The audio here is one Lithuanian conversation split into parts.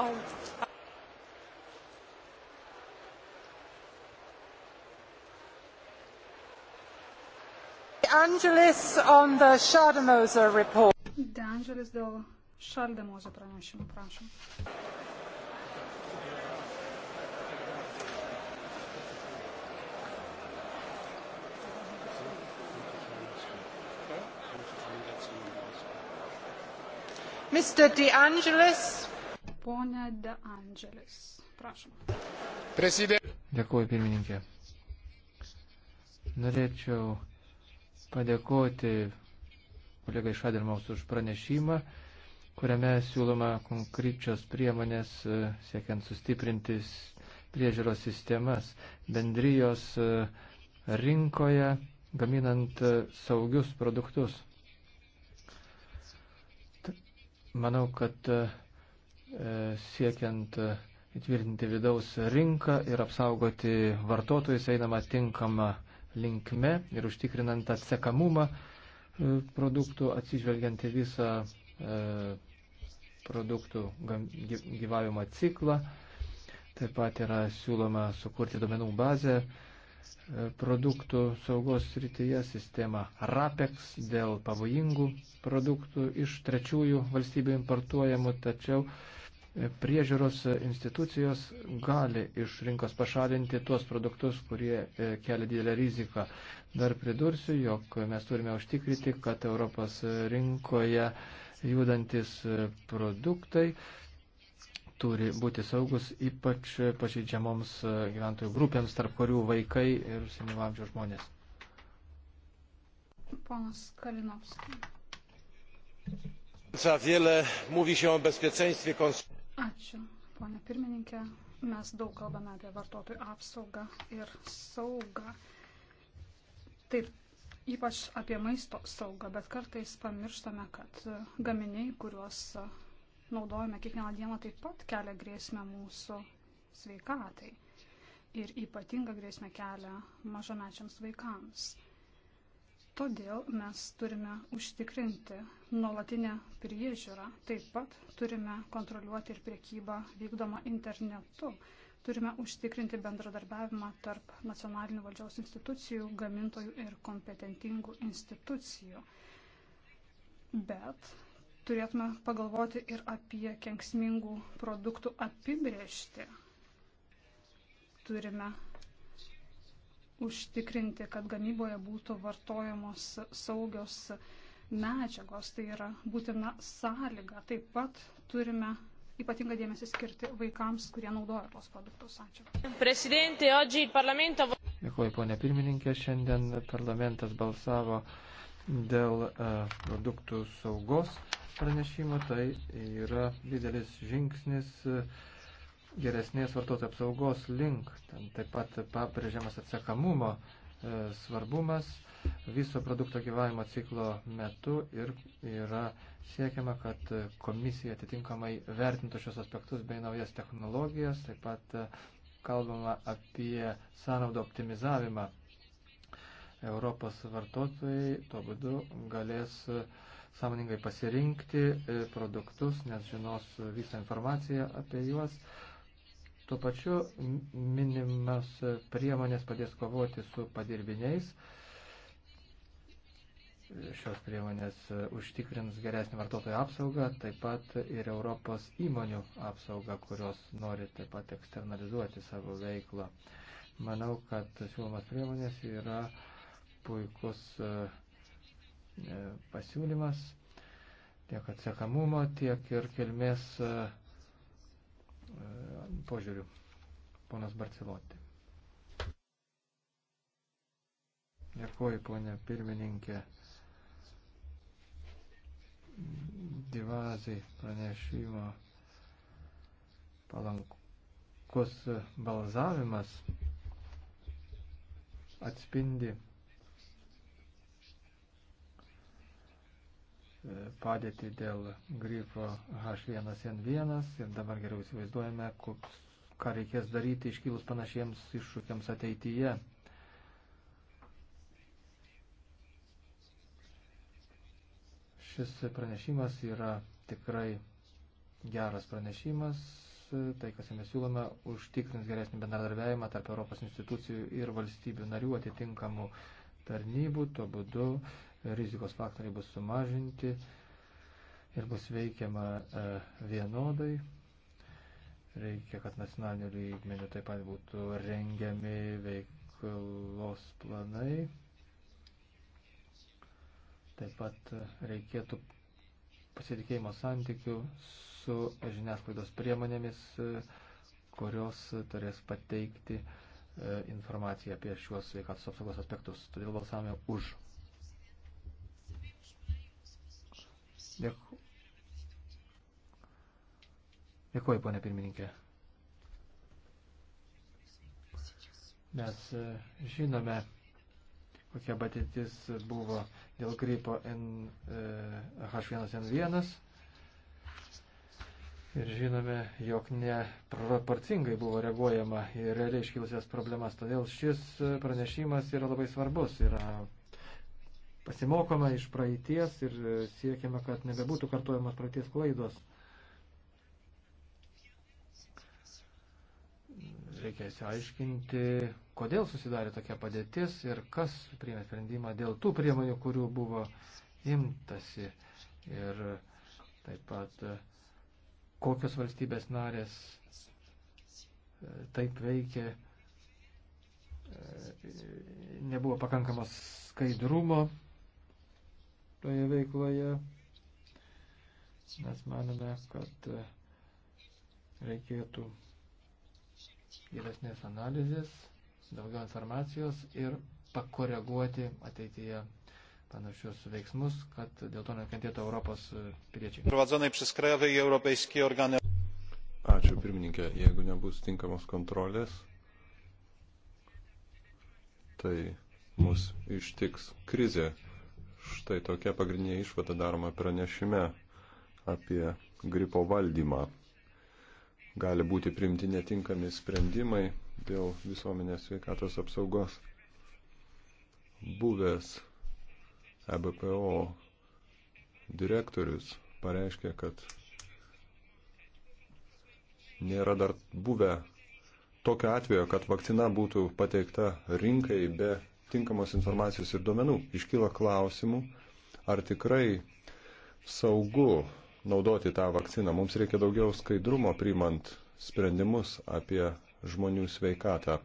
on oh. Angelis on the Schademoser report. De Angelis dėl Schademoser pranešimų, prašom. Mr. De Angelis Pone De Angelis, prašom. Presidė. Dėkuoju, pirmininkė. Norėčiau padėkoti kolegai Šadirmaus už pranešimą, kuriame siūloma konkrečios priemonės e, siekiant sustiprinti priežiūros sistemas bendrijos e, rinkoje, gaminant e, saugius produktus. Manau, kad E, siekiant e, įtvirtinti vidaus rinką ir apsaugoti vartotojus einama tinkama linkme ir užtikrinant atsekamumą e, produktų, atsižvelgiant į visą produktų gyvavimo ciklą. Taip pat yra siūloma sukurti domenų bazę produktų saugos srityje sistema RAPEX dėl pavojingų produktų iš trečiųjų valstybių importuojamų, tačiau uh, priežiūros institucijos gali iš rinkos pašalinti tuos produktus, kurie e, kelia didelę riziką. Dar pridursiu, jog mes turime užtikrinti, kad Europos rinkoje judantis e, produktai turi būti saugus ypač pažeidžiamoms e, gyventojų grupėms, tarp kurių vaikai ir senyvo amžiaus žmonės. Ponas Kalinovskis. Za wiele mówi się o bezpieczeństwie konsumentów Ačiū, ponė pirmininkė. Mes daug kalbame apie vartotojų apsaugą ir saugą. Taip, ypač apie maisto saugą, bet kartais pamirštame, kad gaminiai, kuriuos naudojame kiekvieną dieną, taip pat kelia grėsmę mūsų sveikatai. Ir ypatinga grėsmė kelia mažamečiams vaikams. Todėl mes turime užtikrinti nuolatinę priežiūrą, taip pat turime kontroliuoti ir priekybą vykdomą internetu, turime užtikrinti bendradarbiavimą tarp nacionalinių valdžiaus institucijų, gamintojų ir kompetentingų institucijų. Bet turėtume pagalvoti ir apie kenksmingų produktų apibriežtį. Turime užtikrinti, kad gamyboje būtų vartojamos saugios medžiagos, tai yra būtina sąlyga. Taip pat turime ypatingą dėmesį skirti vaikams, kurie naudoja tos produktus. Ačiū. Parlamento... Dėkuoju, ponė pirmininkė. Šiandien parlamentas balsavo dėl uh, produktų saugos pranešimo. Tai yra didelis žingsnis. Uh, geresnės vartotojų apsaugos link. Ten taip pat pabrėžiamas atsakamumo e, svarbumas viso produkto gyvavimo ciklo metu ir yra siekiama, kad komisija atitinkamai vertintų šios aspektus bei naujas technologijas, taip pat e, kalbama apie sąnaudo optimizavimą. Europos vartotojai tuo būdu galės e, sąmoningai pasirinkti produktus, nes žinos visą informaciją apie juos. Tuo pačiu minimas priemonės padės kovoti su padirbiniais. Šios priemonės užtikrins geresnį vartotojų apsaugą, taip pat ir Europos įmonių apsaugą, kurios nori taip pat eksternalizuoti savo veiklą. Manau, kad siūlomas priemonės yra puikus e, pasiūlymas tiek atsekamumo, tiek ir kilmės e, požiūriu. Ponas Barceloti. Dėkuoju, ponė pirmininkė. Divazai pranešimo palankus balzavimas atspindi E, padėtį dėl grifo H1N1 ir dabar geriau įsivaizduojame, ką reikės daryti iškilus panašiems iššūkiams ateityje. Šis pranešimas yra tikrai geras pranešimas. Tai, kas jame siūlome, užtikrins geresnį bendradarbiavimą tarp Europos institucijų ir valstybių narių atitinkamų tarnybų. Tuo būdu uh, rizikos faktoriai bus sumažinti ir bus veikiama e, vienodai. Reikia, kad nacionalinių lygmenių taip pat būtų rengiami veiklos planai. Taip pat e, reikėtų pasitikėjimo santykių su žiniasklaidos priemonėmis, e, kurios turės pateikti informaciją apie šiuos sveikatos apsaugos aspektus. Todėl balsavome už. Dėku... Dėkuoju, ponė pirmininkė. Mes e, žinome, kokia patirtis buvo dėl gripo N, e, H1N1 ir žinome, jog neproporcingai buvo reaguojama į realiai iškilusias problemas. Todėl šis pranešimas yra labai svarbus. Yra pasimokome iš praeities ir e, siekiame, kad nebebūtų kartuojamos praeities klaidos. Reikia įsiaiškinti, kodėl susidarė tokia padėtis ir kas priėmė sprendimą dėl tų priemonių, kurių buvo imtasi. Ir taip pat e, kokios valstybės narės e, taip veikė, nebuvo pakankamos skaidrumo toje veikloje. Mes manome, kad e, reikėtų geresnės analizės, daugiau informacijos ir pakoreguoti ateityje panašius veiksmus, kad dėl to nekentėtų Europos e, piliečiai. Ačiū pirmininkė, jeigu nebus tinkamos kontrolės, tai mus ištiks krizė. Štai tokia pagrindinė išvada daroma pranešime apie gripo valdymą. Gali būti primti netinkami sprendimai dėl visuomenės sveikatos apsaugos. Buvęs EBPO direktorius pareiškė, kad nėra dar buvę tokio atvejo, kad vakcina būtų pateikta rinkai be tinkamos informacijos ir duomenų. Iškyla klausimų, ar tikrai saugu naudoti tą vakciną. Mums reikia daugiau skaidrumo priimant sprendimus apie žmonių sveikatą.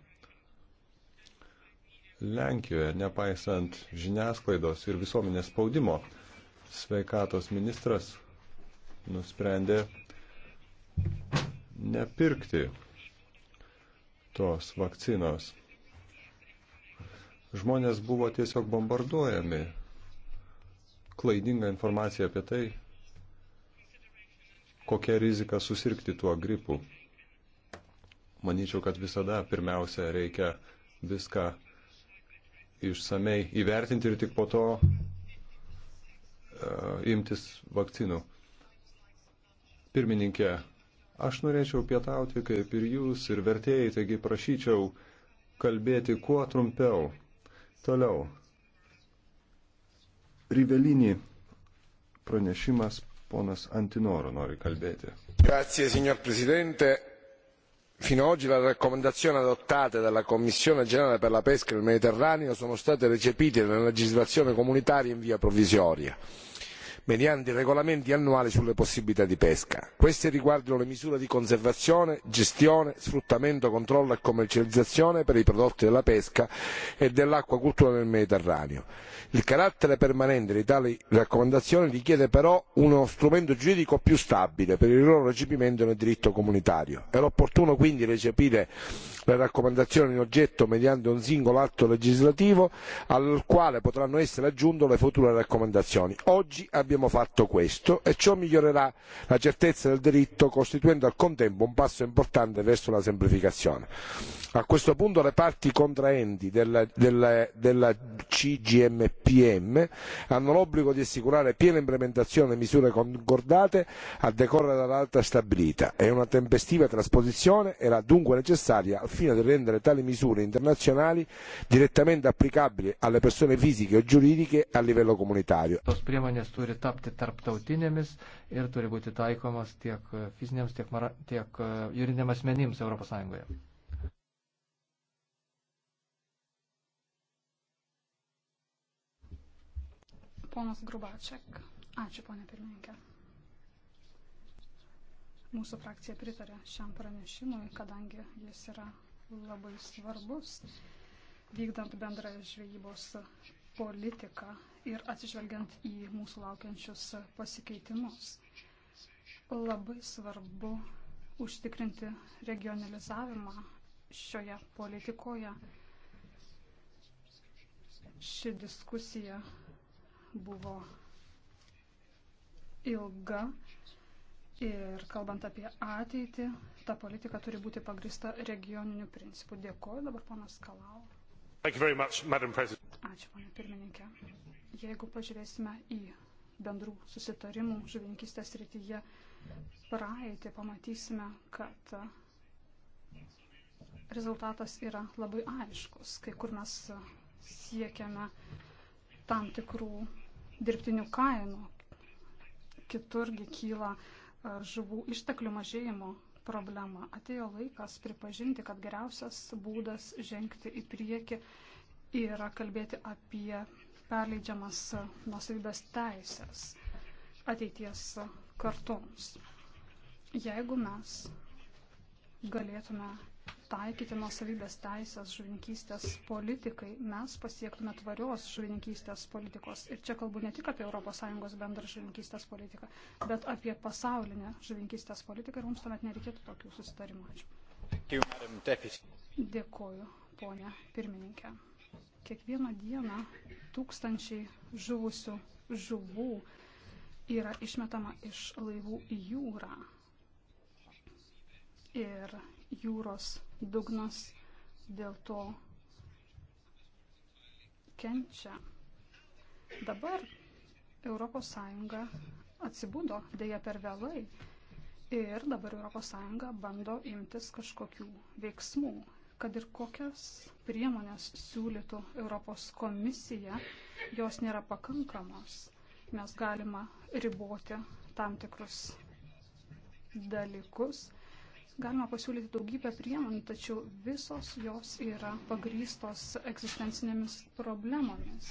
Lenkijoje, nepaisant žiniasklaidos ir visuomenės spaudimo, sveikatos ministras nusprendė nepirkti tos vakcinos. Žmonės buvo tiesiog bombarduojami klaidinga informacija apie tai, kokia rizika susirgti tuo gripu. Manyčiau, kad visada pirmiausia reikia viską išsamei įvertinti ir tik po to uh, imtis vakcinų. Pirmininkė, aš norėčiau pietauti kaip ir jūs ir vertėjai, taigi prašyčiau kalbėti kuo trumpiau. Toliau. Rivelinį pranešimas ponas Antinoro nori kalbėti. Grazie, signor Presidente. Fino ad oggi le raccomandazioni adottate dalla Commissione generale per la pesca nel Mediterraneo sono state recepite nella legislazione comunitaria in via provvisoria mediante regolamenti annuali sulle possibilità di pesca. Queste riguardano le misure di conservazione, gestione, sfruttamento, controllo e commercializzazione per i prodotti della pesca e dell'acquacultura nel Mediterraneo. Il carattere permanente di tali raccomandazioni richiede però uno strumento giuridico più stabile per il loro recepimento nel diritto comunitario. Era opportuno quindi recepire le raccomandazioni in oggetto mediante un singolo atto legislativo al quale potranno essere aggiunte le future raccomandazioni. Oggi abbiamo abbiamo fatto questo e ciò migliorerà la certezza del diritto costituendo al contempo un passo importante verso la semplificazione. a questo punto le parti contraenti della cgmpm hanno l'obbligo di assicurare piena implementazione delle misure concordate a decorrere dalla data stabilita e una tempestiva trasposizione era dunque necessaria al fine di rendere tali misure internazionali direttamente applicabili alle persone fisiche o giuridiche a livello comunitario. tos priemonės turi tapti tarptautinėmis ir turi būti taikomos tiek fiziniams, tiek, mara, tiek e, juridiniam asmenims ES. Ponas Grubačiak. Ačiū, ponė pirmininkė. Mūsų frakcija pritarė šiam pranešimui, kadangi jis yra labai svarbus, vykdant bendrą žvejybos politiką ir atsižvelgiant į mūsų laukiančius pasikeitimus. Labai svarbu užtikrinti regionalizavimą šioje politikoje. Ši diskusija buvo ilga ir kalbant apie ateitį, ta politika turi būti pagrista regioniniu principu. Dėkuoju dabar ponas Kalau. Ačiū, ponė pirmininkė. Jeigu pažiūrėsime į bendrų susitarimų žuvininkistės rytyje praeitį, pamatysime, kad rezultatas yra labai aiškus, kai kur mes siekiame tam tikrų dirbtinių kainų, kiturgi kyla e, žuvų išteklių mažėjimo problema. Atėjo laikas pripažinti, kad geriausias būdas žengti į priekį yra kalbėti apie perleidžiamas nusavybės teisės ateities kartoms. Jeigu mes galėtume taikyti nusavybės teisės žuvininkystės politikai, mes pasiektume tvarios žuvininkystės politikos. Ir čia kalbu ne tik apie ES bendrą žuvininkystės politiką, bet apie pasaulinę žuvininkystės politiką ir mums tuomet nereikėtų tokių susitarimų. Ačiū. Dėkuoju, ponia pirmininkė. Kiekvieną dieną tūkstančiai žuvusių žuvų yra išmetama iš laivų į jūrą. Ir jūros dugnas dėl to kenčia. Dabar ES atsibudo dėja per vėlai ir dabar ES bando imtis kažkokių veiksmų kad ir kokias priemonės siūlytų Europos komisija, jos nėra pakankamos, nes galima riboti tam tikrus dalykus. Galima pasiūlyti daugybę priemonių, tačiau visos jos yra pagrystos egzistencinėmis problemomis.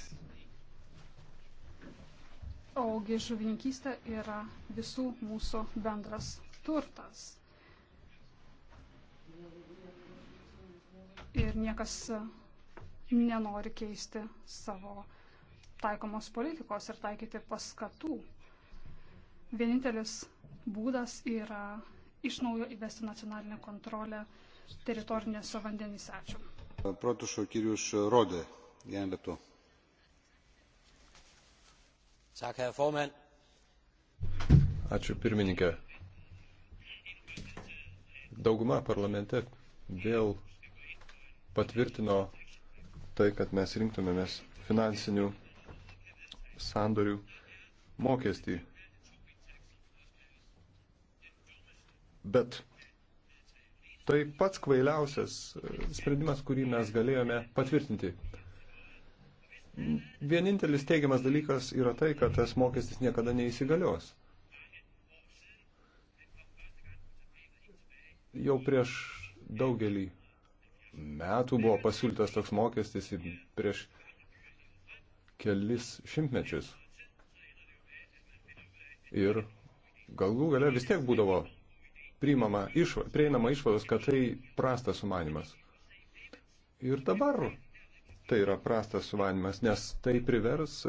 Ogi žuvininkystė yra visų mūsų bendras turtas. niekas e, nenori keisti savo taikomos politikos ir taikyti paskatų. Vienintelis būdas yra iš naujo įvesti nacionalinę kontrolę teritorinėse vandenyse. Ačiū. Protušo kirius Rodė, Jan Lietu. Ačiū pirmininkė. Dauguma parlamente vėl patvirtino tai, kad mes rinktumėmės finansinių sandorių mokestį. Bet tai pats kvailiausias e, sprendimas, kurį mes galėjome patvirtinti. Vienintelis teigiamas dalykas yra tai, kad tas mokestis niekada neįsigalios. Jau prieš daugelį metų buvo pasiūlytas toks mokestis prieš kelis šimtmečius. Ir galų gale vis tiek būdavo priimama išva, prieinama išvados, kad tai prastas sumanimas. Ir dabar tai yra prastas sumanimas, nes tai privers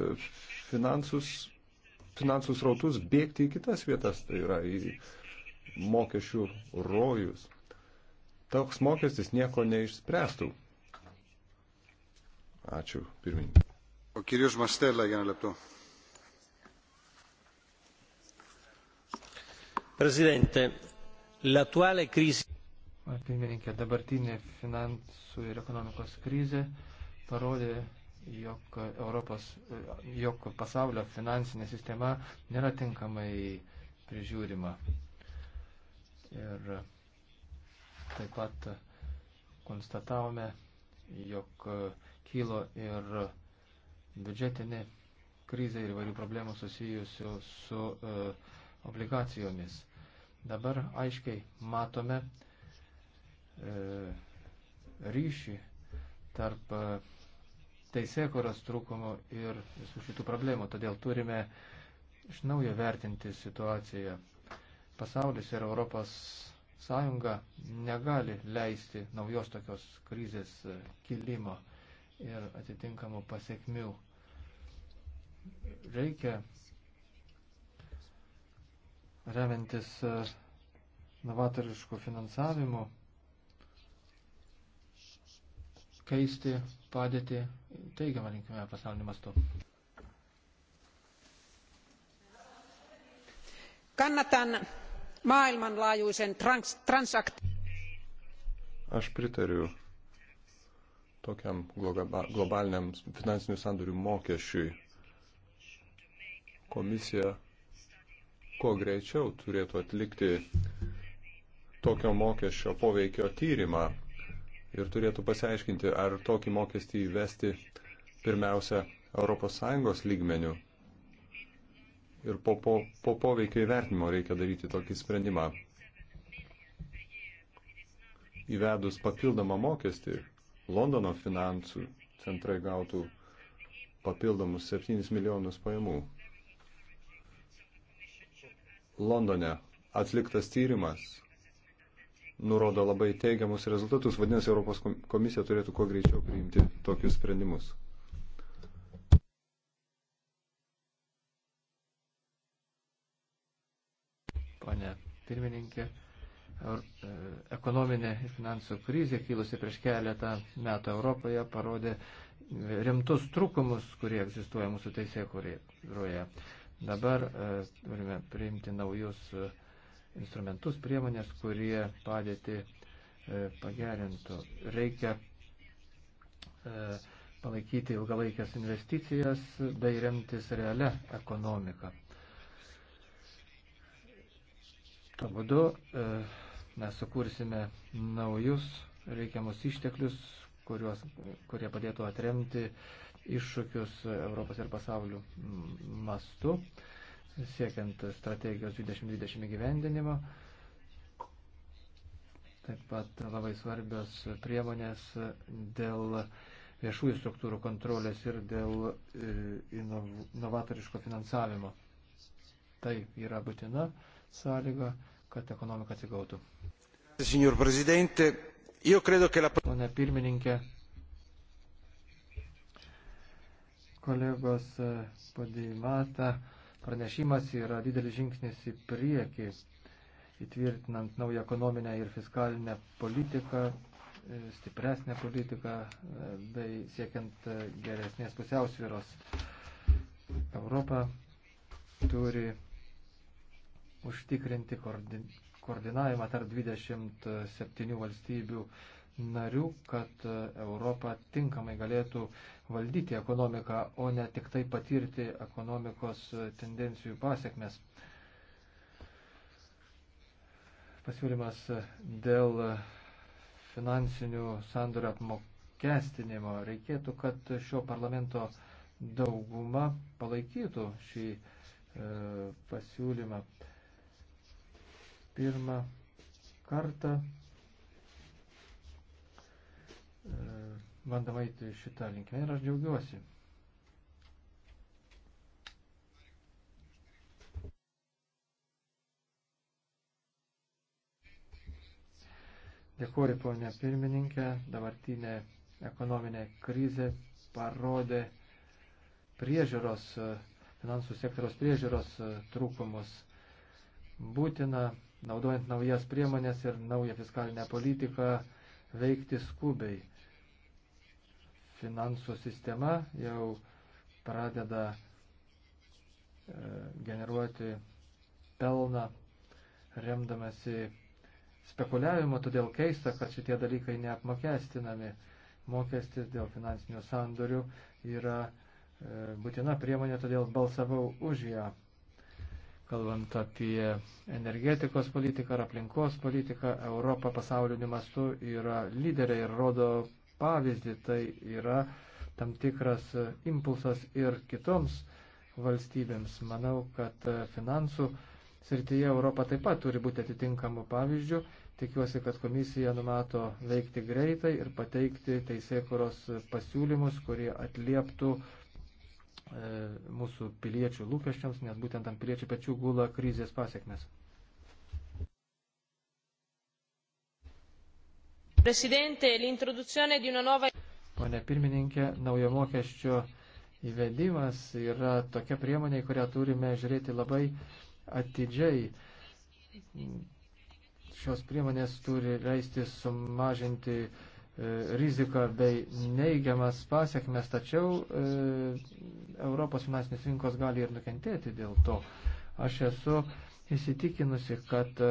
finansus, finansus rautus bėgti į kitas vietas, tai yra į mokesčių rojus toks mokestis nieko neišspręstų. Ačiū, pirmininkai. O kirius Mastella, vieną leptų. Prezidente, l'attuale crisi. Pirmininkė, dabartinė finansų ir ekonomikos krizė parodė, jog, Europos, jog pasaulio finansinė sistema nėra tinkamai prižiūrima. Ir Taip pat konstatavome, jog kylo ir biudžetinė krizė ir įvairių problemų susijusių su e, obligacijomis. Dabar aiškiai matome e, ryšį tarp e, teisėkoros trūkumo ir visų šitų problemų. Todėl turime iš naujo vertinti situaciją. Pasaulis ir Europos sąjunga negali leisti naujos tokios krizės e, kilimo ir atitinkamų pasiekmių. Reikia remiantis e, novatoriškų finansavimų keisti padėti teigiamą linkime pasaulyje mastu. Kannatan maailmanlaajuisen trans transaktioon. Aš pritariu tokiam globaliniam finansinių sandorių mokesčiui. Komisija kuo greičiau turėtų atlikti tokio mokesčio poveikio tyrimą ir turėtų pasiaiškinti, ar tokį mokestį įvesti pirmiausia ES lygmenių, ir po, po, po poveikio įvertinimo reikia daryti tokį sprendimą. Įvedus papildomą mokestį, Londono finansų centrai gautų papildomus 7 milijonus pajamų. Londone atliktas tyrimas nurodo labai teigiamus rezultatus, vadinasi, Europos komisija turėtų kuo greičiau priimti tokius sprendimus. pirmininkė, e, ekonominė ir finansų krizė, kilusi prieš keletą metų Europoje, parodė rimtus trūkumus, kurie egzistuoja mūsų teisėkūroje. Dabar e, turime priimti naujus e, instrumentus, priemonės, kurie padėti pagerintų. Reikia palaikyti ilgalaikės investicijas bei remtis realią ekonomiką. Tuo būdu e, mes sukursime naujus reikiamus išteklius, kuriuos, kurie padėtų atremti iššūkius Europos ir pasaulių mastu, siekiant strategijos 2020 gyvendinimo. Taip pat labai svarbios priemonės dėl viešųjų struktūrų kontrolės ir dėl e, inovatoriško finansavimo. Tai yra būtina sąlyga, kad ekonomika atsigautų. Pone pirmininkė, kolegos e, padėjimata, pranešimas yra didelis žingsnis į priekį, įtvirtinant naują ekonominę ir fiskalinę politiką, e, stipresnę politiką e, bei siekiant geresnės pusiausvyros. Europa turi užtikrinti koordinavimą tarp 27 valstybių narių, kad Europa tinkamai galėtų valdyti ekonomiką, o ne tik tai patirti ekonomikos tendencijų pasiekmes. Pasiūlymas dėl finansinių sandorio apmokestinimo reikėtų, kad šio parlamento dauguma palaikytų šį e, pasiūlymą. E, pirmą kartą e, bandama eiti šitą linkmę ir aš džiaugiuosi. Dėkuoju, ponė pirmininkė, dabartinė ekonominė krizė parodė priežiūros, e, finansų sektoriaus priežiūros e, trūkumus. Būtina naudojant naujas priemonės ir naują fiskalinę politiką, veikti skubiai. Finansų sistema jau pradeda e, generuoti pelną, remdamasi spekuliavimo, todėl keista, kad šitie dalykai neapmokestinami. Mokestis dėl finansinių sandorių yra e, būtina priemonė, todėl balsavau už ją kalbant apie energetikos politiką ir aplinkos politiką, Europa pasauliniu mastu yra lyderė ir rodo pavyzdį. Tai yra tam tikras impulsas ir kitoms valstybėms. Manau, kad finansų srityje Europa taip pat turi būti atitinkamų pavyzdžių. Tikiuosi, kad komisija numato veikti greitai ir pateikti teisėkuros pasiūlymus, kurie atlieptų uh, mūsų piliečių lūkesčiams, nes būtent ant piliečių pečių gula krizės pasiekmes. Pone pirmininkė, naujo mokesčio įvedimas yra tokia priemonė, kurią turime žiūrėti labai atidžiai. Šios priemonės turi leisti sumažinti uh, E, riziką bei neigiamas pasiekmes, tačiau e, Europos finansinės rinkos gali ir nukentėti dėl to. Aš esu įsitikinusi, kad e,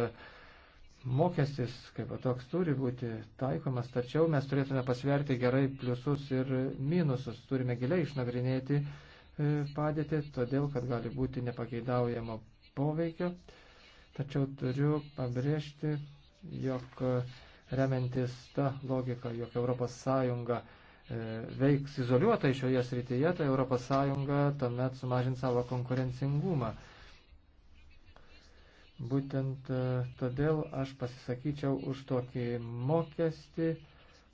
mokestis kaip toks turi būti taikomas, tačiau mes turėtume pasverti gerai pliusus ir minusus, turime giliai išnagrinėti padėtį, todėl kad gali būti nepageidaujamo poveikio. Tačiau turiu pabrėžti, jog remiantis tą logiką, jog ES e, veiks izoliuotai šioje srityje, tai ES tuomet sumažins savo konkurencingumą. Būtent e, todėl aš pasisakyčiau už tokį mokestį,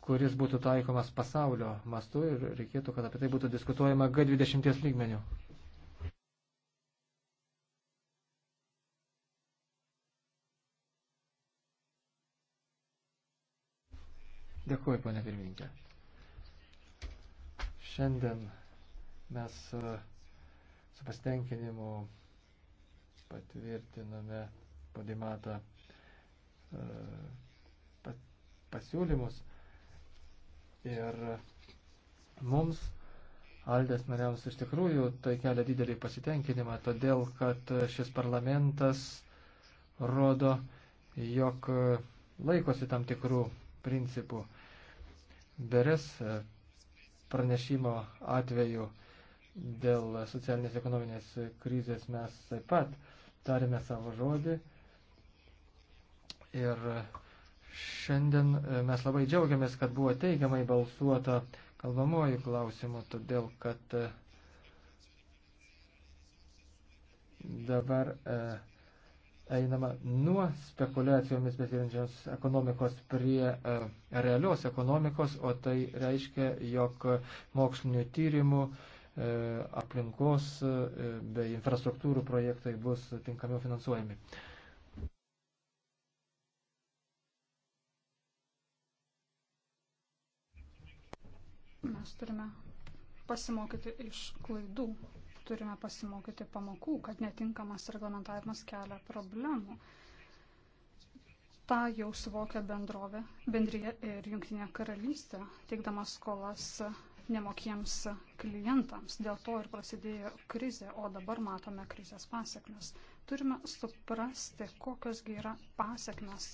kuris būtų taikomas pasaulio mastu ir reikėtų, kad apie tai būtų diskutuojama G20 lygmenių. Dėkuoju, ponė pirmininkė. Šiandien mes e, su pasitenkinimu patvirtiname padimatą e, pasiūlymus ir mums, Aldės nariams, iš tikrųjų tai kelia didelį pasitenkinimą, todėl kad šis parlamentas rodo, jog e, laikosi tam tikrų principų. Beres e, pranešimo atveju dėl socialinės ekonominės krizės mes taip pat tarėme savo žodį. Ir šiandien e, mes labai džiaugiamės, kad buvo teigiamai balsuota kalbamoji klausimu, todėl kad e, dabar e, einama nuo spekuliacijomis besirinčios ekonomikos prie e, realios ekonomikos, o tai reiškia, jog mokslinių tyrimų, e, aplinkos e, bei infrastruktūrų projektai bus tinkamiau finansuojami. Mes turime pasimokyti iš klaidų turime pasimokyti pamokų, kad netinkamas reglamentavimas kelia problemų. Ta jau suvokia bendrovė, bendryje ir jungtinė karalystė, teikdamas skolas nemokiems klientams. Dėl to ir prasidėjo krizė, o dabar matome krizės pasiekmes. Turime suprasti, kokios yra pasiekmes,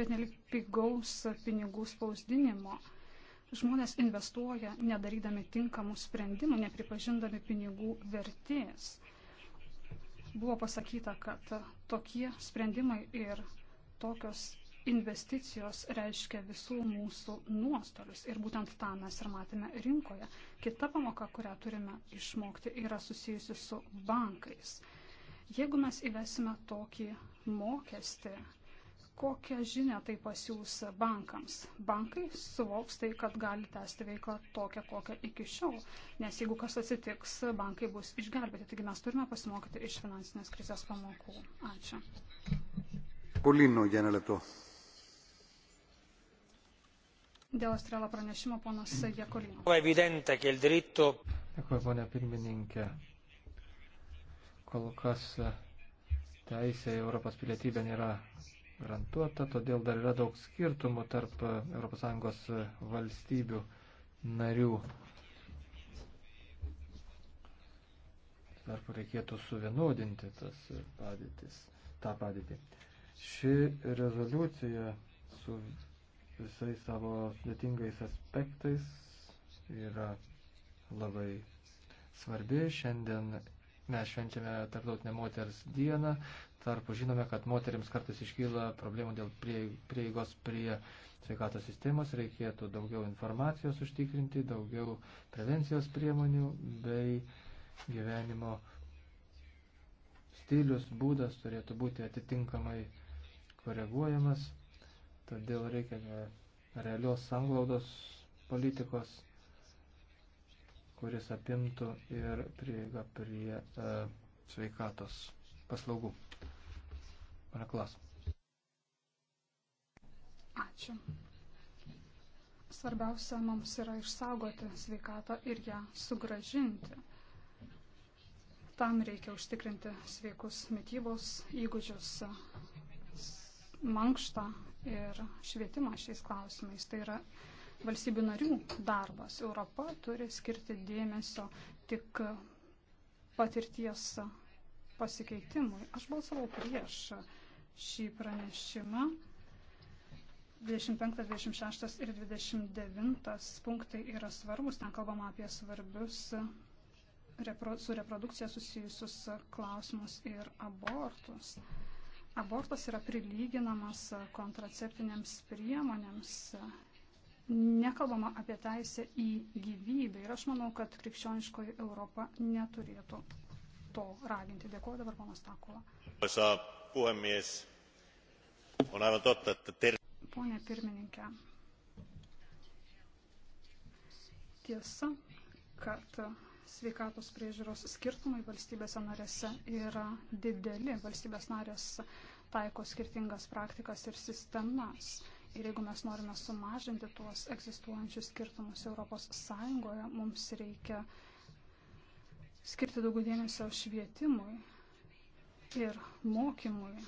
bet nelik pigaus pinigų spausdinimo. Žmonės investuoja nedarydami tinkamų sprendimų, nepripažindami pinigų vertės. Buvo pasakyta, kad tokie sprendimai ir tokios investicijos reiškia visų mūsų nuostolius ir būtent tą mes ir matėme rinkoje. Kita pamoka, kurią turime išmokti, yra susijusi su bankais. Jeigu mes įvesime tokį mokestį, kokią žinę tai pasiūs bankams. Bankai suvoks tai, kad gali tęsti veiklą tokią, kokią iki šiol, nes jeigu kas atsitiks, bankai bus išgelbėti. Taigi mes turime pasimokyti iš finansinės krizės pamokų. Ačiū. Polino, Janė Lietu. Dėl Estrela pranešimo ponas Jekolino. Dėkui, ponia pirmininkė. Kol kas teisė į Europos pilietybę nėra garantuota, todėl dar yra daug skirtumų tarp ES e, valstybių narių. Tarp reikėtų suvienodinti tas e, padėtis, tą padėtį. Ši rezoliucija su visais savo sudėtingais aspektais yra labai svarbi. Šiandien Mes švenčiame tarptautinę moters dieną, tarpu žinome, kad moteriams kartais iškyla problemų dėl prieigos prie sveikatos sistemos, reikėtų daugiau informacijos užtikrinti, daugiau prevencijos priemonių bei gyvenimo stilius, būdas turėtų būti atitinkamai koreguojamas. Todėl reikia realios sanglaudos politikos kuris apimtų ir prieigą prie e, sveikatos paslaugų. Reklas. Ačiū. Svarbiausia mums yra išsaugoti sveikatą ir ją sugražinti. Tam reikia užtikrinti sveikus mytybos įgūdžius, mankštą ir švietimą šiais klausimais. Tai yra valstybių narių darbas. Europa turi skirti dėmesio tik patirties pasikeitimui. Aš balsavau prieš šį pranešimą. 25, 26 ir 29 punktai yra svarbus. Ten kalbama apie svarbius repro, su reprodukcija susijusius klausimus ir abortus. Abortas yra prilyginamas kontraceptinėms priemonėms nekalbama apie teisę į gyvybę. Ir aš manau, kad krikščioniškoji Europa neturėtų to raginti. Dėkuoju dabar, ponas Takula. Pone pirmininkė, tiesa, kad sveikatos priežiūros skirtumai valstybėse narėse yra dideli. Valstybės narės taiko skirtingas praktikas ir sistemas. Ir jeigu mes norime sumažinti tuos egzistuojančius skirtumus ES, mums reikia skirti daugiau dėmesio švietimui ir mokymui.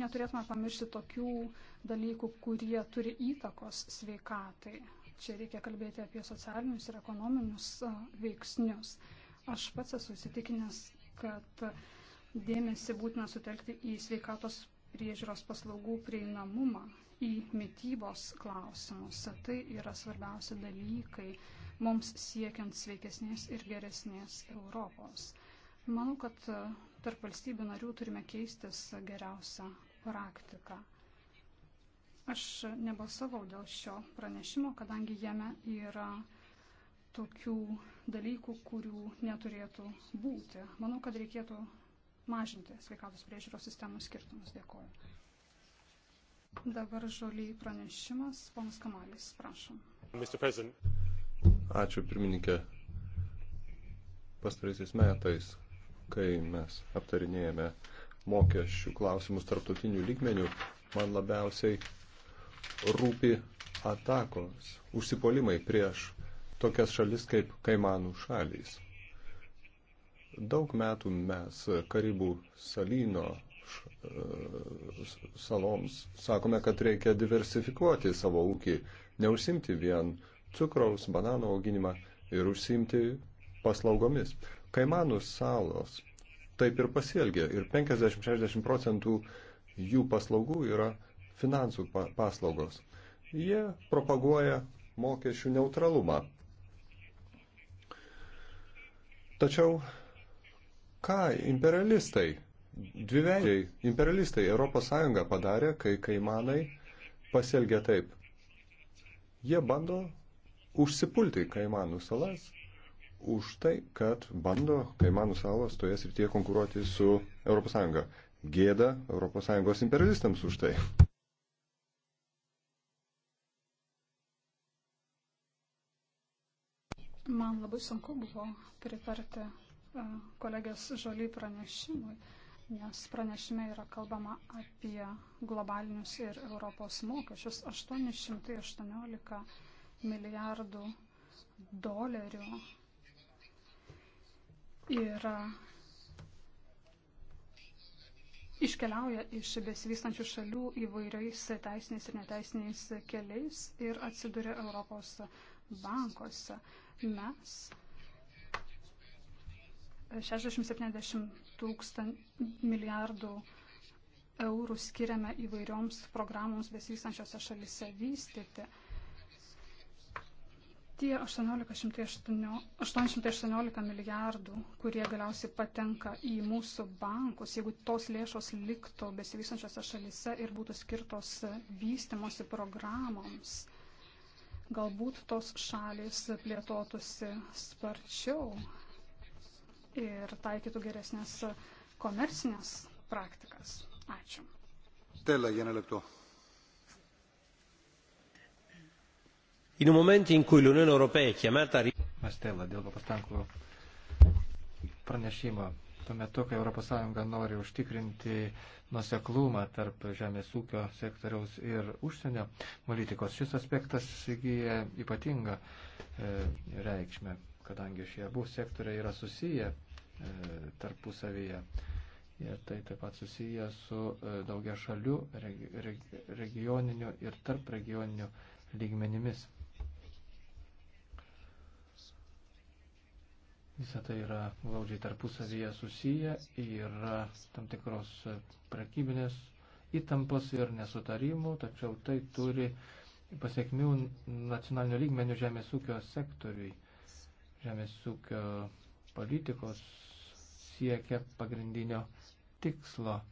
Neturėtume pamiršti tokių dalykų, kurie turi įtakos sveikatai. Čia reikia kalbėti apie socialinius ir ekonominius veiksnius. Aš pats esu įsitikinęs, kad dėmesį būtina sutelkti į sveikatos priežiūros paslaugų prieinamumą į mytybos klausimus. Tai yra svarbiausi dalykai mums siekiant sveikesnės ir geresnės Europos. Manau, kad tarp valstybių narių turime keistis geriausią praktiką. Aš nebalsavau dėl šio pranešimo, kadangi jame yra tokių dalykų, kurių neturėtų būti. Manau, kad reikėtų mažinti sveikatos priežiūros sistemų skirtumus. Dėkuoju. Dabar žoliai pranešimas, ponas Kamalis, prašom. Ačiū pirmininkė. Pastaraisiais metais, kai mes aptarinėjame mokesčių klausimus tarptautinių lygmenių, man labiausiai rūpi atakos, užsipolimai prieš tokias šalis kaip Kaimanų šalys. Daug metų mes Karibų salyno E, saloms sakome, kad reikia diversifikuoti savo ūkį, neužsimti vien cukraus, banano auginimą ir užsimti paslaugomis. Kaimanų salos taip ir pasielgia ir 50-60 procentų jų paslaugų yra finansų paslaugos. Jie propaguoja mokesčių neutralumą. Tačiau ką imperialistai dvivėjai, imperialistai, ES padarė, kai kaimanai pasielgė taip. Jie bando užsipulti kaimanų salas už tai, kad bando kaimanų salas toje srityje konkuruoti su ES. Gėda ES imperialistams už tai. Man labai sunku buvo pritarti e, kolegės žaliai pranešimui nes pranešime yra kalbama apie globalinius ir Europos mokesčius. 818 milijardų dolerių yra iškeliauja iš besivystančių šalių įvairiais teisiniais ir neteisiniais keliais ir atsiduria Europos bankuose. Mes 60-70 tūkstant milijardų eurų skiriame įvairioms programoms besivystančiose šalise vystyti. Tie 818 milijardų, kurie galiausiai patenka į mūsų bankus, jeigu tos lėšos liktų besivystančiose šalise ir būtų skirtos vystimosi programoms, galbūt tos šalis plėtotųsi sparčiau, ir taikytų geresnės komersinės praktikas. Ačiū. Stella, vieną lėktuvą. In un momento in cui l'Unione Europea è chiamata a... Mastella, dėl papastankų pranešimo. Tuo metu, kai ES nori užtikrinti nuseklumą tarp žemės ūkio sektoriaus ir užsienio politikos, šis aspektas įgyja ypatingą e, reikšmę kadangi šie abu sektoriai yra susiję e, tarpusavyje. Ir tai taip pat susiję su e, daugia šalių regioniniu ir tarp regioniniu lygmenimis. Visą tai yra glaudžiai tarpusavyje susiję, yra tam tikros prekybinės įtampos ir nesutarimų, tačiau tai turi pasiekmių nacionalinio lygmenių žemės ūkio sektoriui žemės ūkio politikos siekia pagrindinio tikslo e,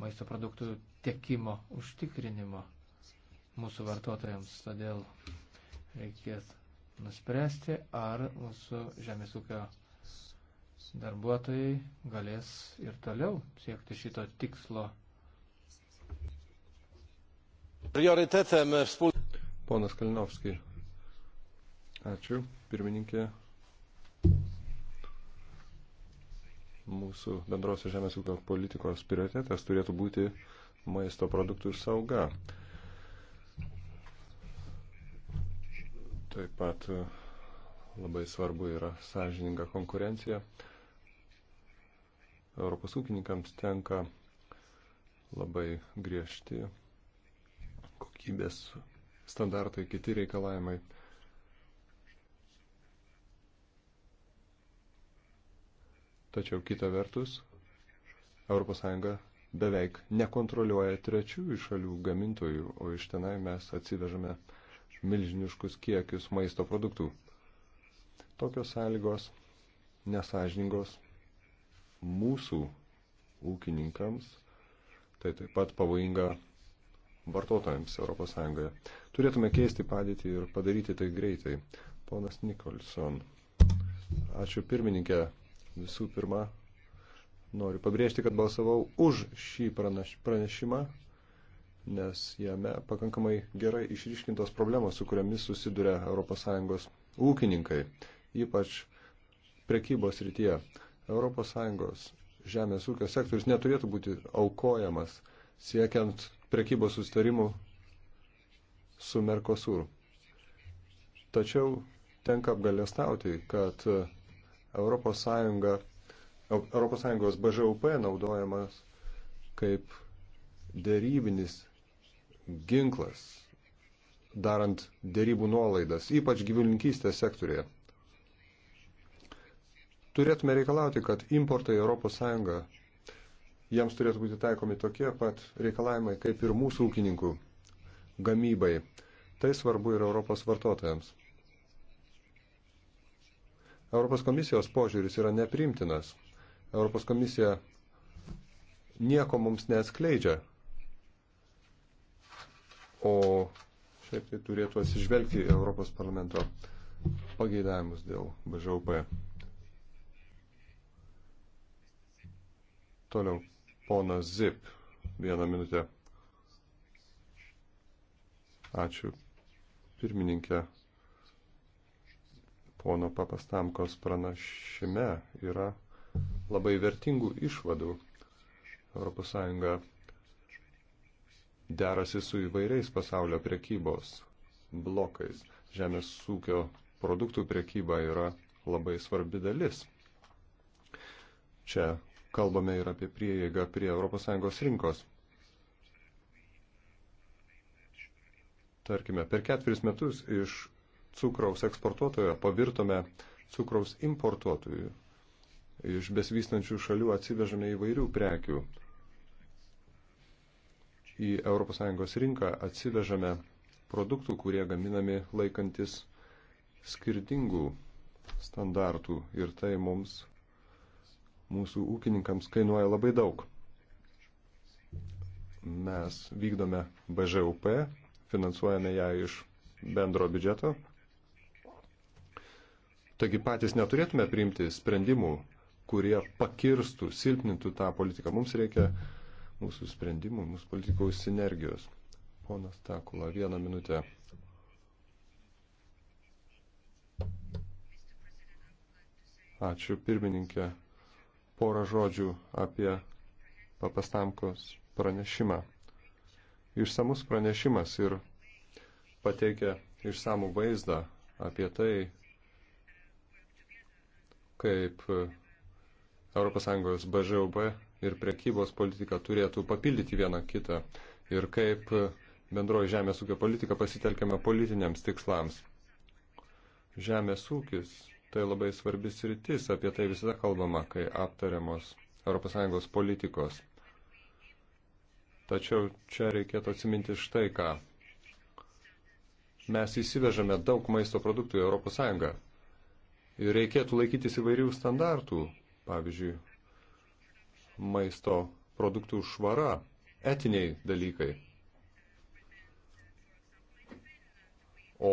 maisto produktų tiekimo užtikrinimo mūsų vartotojams. Todėl reikės nuspręsti, ar mūsų žemės ūkio darbuotojai galės ir toliau siekti šito tikslo. Prioritetam. Ponas Kalinovskis. Ačiū, pirmininkė. Mūsų bendrosios žemės ūkio politikos prioritetas turėtų būti maisto produktų sauga. Taip pat e, labai svarbu yra sąžininga konkurencija. Europos ūkininkams tenka labai griežti kokybės standartai, kiti reikalavimai. Tačiau kita vertus, ES beveik nekontroliuoja trečiųjų šalių gamintojų, o iš tenai mes atsivežame milžiniškus kiekius maisto produktų. Tokios sąlygos nesažningos mūsų ūkininkams, tai taip pat pavojinga vartotojams ES. Turėtume keisti padėtį ir padaryti tai greitai. Ponas Nikolson. Ačiū pirmininkė. Visų pirma, noriu pabrėžti, kad balsavau už šį pranešimą, nes jame pakankamai gerai išryškintos problemos, su kuriamis susiduria ES ūkininkai, ypač prekybos rytyje. ES žemės ūkio sektorius neturėtų būti aukojamas siekiant prekybos sustarimų su Merkosūru. Tačiau tenka apgalėstauti, kad Europos, Sąjunga, Europos Sąjungos BŽUP naudojamas kaip dėrybinis ginklas, darant dėrybų nuolaidas, ypač gyvulinkystės sektorėje. Turėtume reikalauti, kad importai Europos Sąjunga jiems turėtų būti taikomi tokie pat reikalavimai kaip ir mūsų ūkininkų gamybai. Tai svarbu ir Europos vartotojams. Europos komisijos požiūris yra neprimtinas. Europos komisija nieko mums neatskleidžia. O šiaip tai turėtų atsižvelgti Europos parlamento pageidavimus dėl BŽUP. Toliau, ponas Zip, vieną minutę. Ačiū, pirmininkė pono Papastamkos pranašime yra labai vertingų išvadų. ES derasi su įvairiais pasaulio prekybos blokais. Žemės ūkio produktų prekyba yra labai svarbi dalis. Čia kalbame ir apie prieigą prie ES rinkos. Tarkime, per ketveris metus iš cukraus eksportuotojo pavirtome cukraus importuotojų. Iš besvystančių šalių atsivežame įvairių prekių. Į ES rinką atsivežame produktų, kurie gaminami laikantis skirtingų standartų ir tai mums, mūsų ūkininkams, kainuoja labai daug. Mes vykdome BŽUP, finansuojame ją iš bendro biudžeto Taigi patys neturėtume priimti sprendimų, kurie pakirstų, silpnintų tą politiką. Mums reikia mūsų sprendimų, mūsų politikos sinergijos. Ponas Takula, vieną minutę. Ačiū pirmininkė. Porą žodžių apie papastamkos pranešimą. Išsamus pranešimas ir pateikia išsamų vaizdą apie tai, kaip ES BŽUB ir prekybos politika turėtų papildyti vieną kitą ir kaip e, bendroji žemės ūkio politika pasitelkiama politiniams tikslams. Žemės ūkis tai labai svarbis rytis, apie tai visada kalbama, kai aptariamos ES politikos. Tačiau čia reikėtų atsiminti štai ką. Mes įsivežame daug maisto produktų į ES. Ir reikėtų laikytis įvairių standartų, pavyzdžiui, maisto produktų švara, etiniai dalykai. O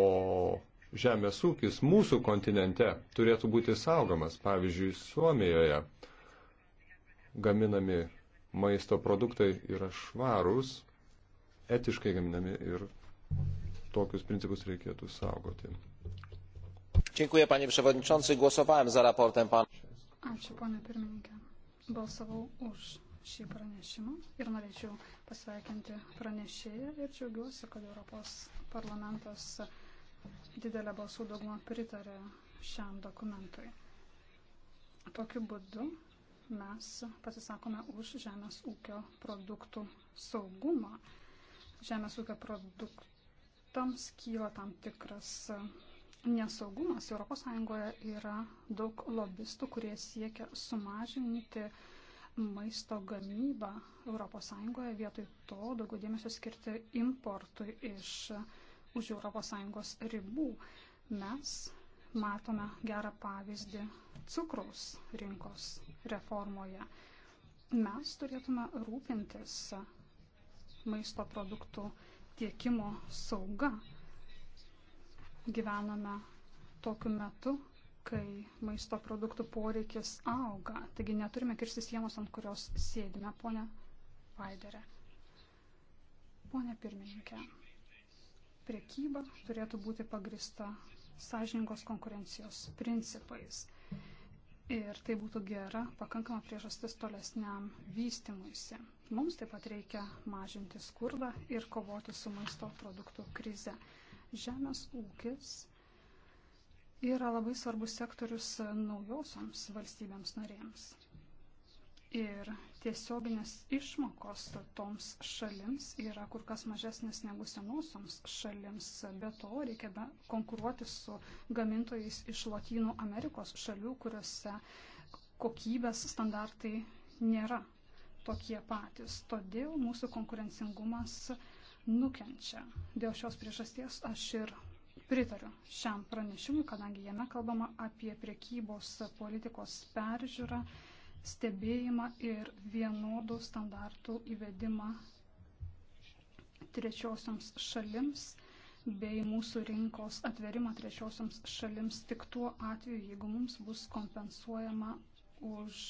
žemės ūkis mūsų kontinente turėtų būti saugomas. Pavyzdžiui, Suomijoje gaminami maisto produktai yra švarūs, etiškai gaminami ir tokius principus reikėtų saugoti. Dziękuję, panie przewodniczący. Głosowałem za raportem pana. Ačiū, ponė pirmininkė. Balsavau už šį pranešimą ir norėčiau pasveikinti pranešėją ir džiaugiuosi, kad Europos parlamentas didelę balsų daugumą pritarė šiam dokumentui. Tokiu būdu mes pasisakome už žemės ūkio produktų saugumą. Žemės ūkio produktams kyla tam tikras nesaugumas ES yra daug lobistų, kurie siekia sumažinti maisto gamybą ES, vietoj to daugiau dėmesio skirti importui iš už ES ribų. Mes matome gerą pavyzdį cukraus rinkos reformoje. Mes turėtume rūpintis maisto produktų tiekimo sauga gyvename tokiu metu, kai maisto produktų poreikis auga. Taigi neturime kirsti sienos, ant kurios sėdime, ponia Vaiderė. Pone pirmininkė, priekyba turėtų būti pagrista sąžiningos konkurencijos principais. Ir tai būtų gera, pakankama priežastis tolesniam vystimuisi. Mums taip pat reikia mažinti skurdą ir kovoti su maisto produktų krize. Žemės ūkis yra labai svarbus sektorius naujosioms valstybėms narėms. Ir tiesioginės išmokos toms šalims yra kur kas mažesnės negu senosioms šalims. Be to reikia be konkuruoti su gamintojais iš Latinų Amerikos šalių, kuriuose kokybės standartai nėra tokie patys. Todėl mūsų konkurencingumas yra nukenčia. Dėl šios priežasties aš ir pritariu šiam pranešimui, kadangi jame kalbama apie priekybos politikos peržiūrą, stebėjimą ir vienodų standartų įvedimą trečiosioms šalims bei mūsų rinkos atverimą trečiosioms šalims tik tuo atveju, jeigu mums bus kompensuojama už